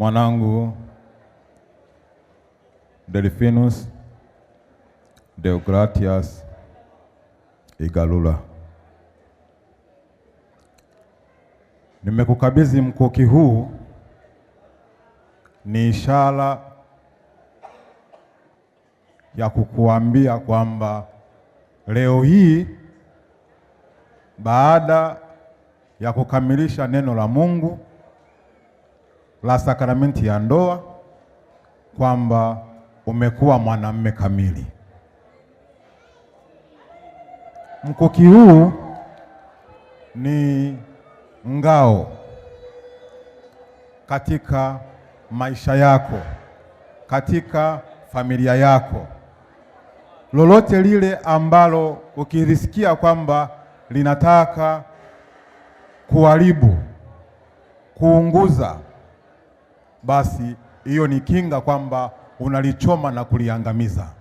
mwanangu Delfinus Deogratias Igalula, nimekukabidhi mkuki huu, ni ishara ya kukuambia kwamba leo hii baada ya kukamilisha neno la Mungu la sakramenti ya ndoa kwamba umekuwa mwanamume kamili. Mkuki huu ni ngao katika maisha yako, katika familia yako. Lolote lile ambalo ukilisikia kwamba linataka kuharibu, kuunguza basi hiyo ni kinga kwamba unalichoma na kuliangamiza.